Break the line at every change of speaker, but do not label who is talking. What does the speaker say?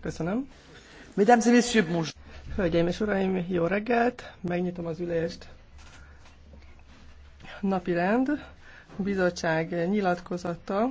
Köszönöm. Mesdames et messieurs, bonjour. Hölgyeim és uraim, jó reggelt! Megnyitom az ülést. Napi rend, bizottság nyilatkozata.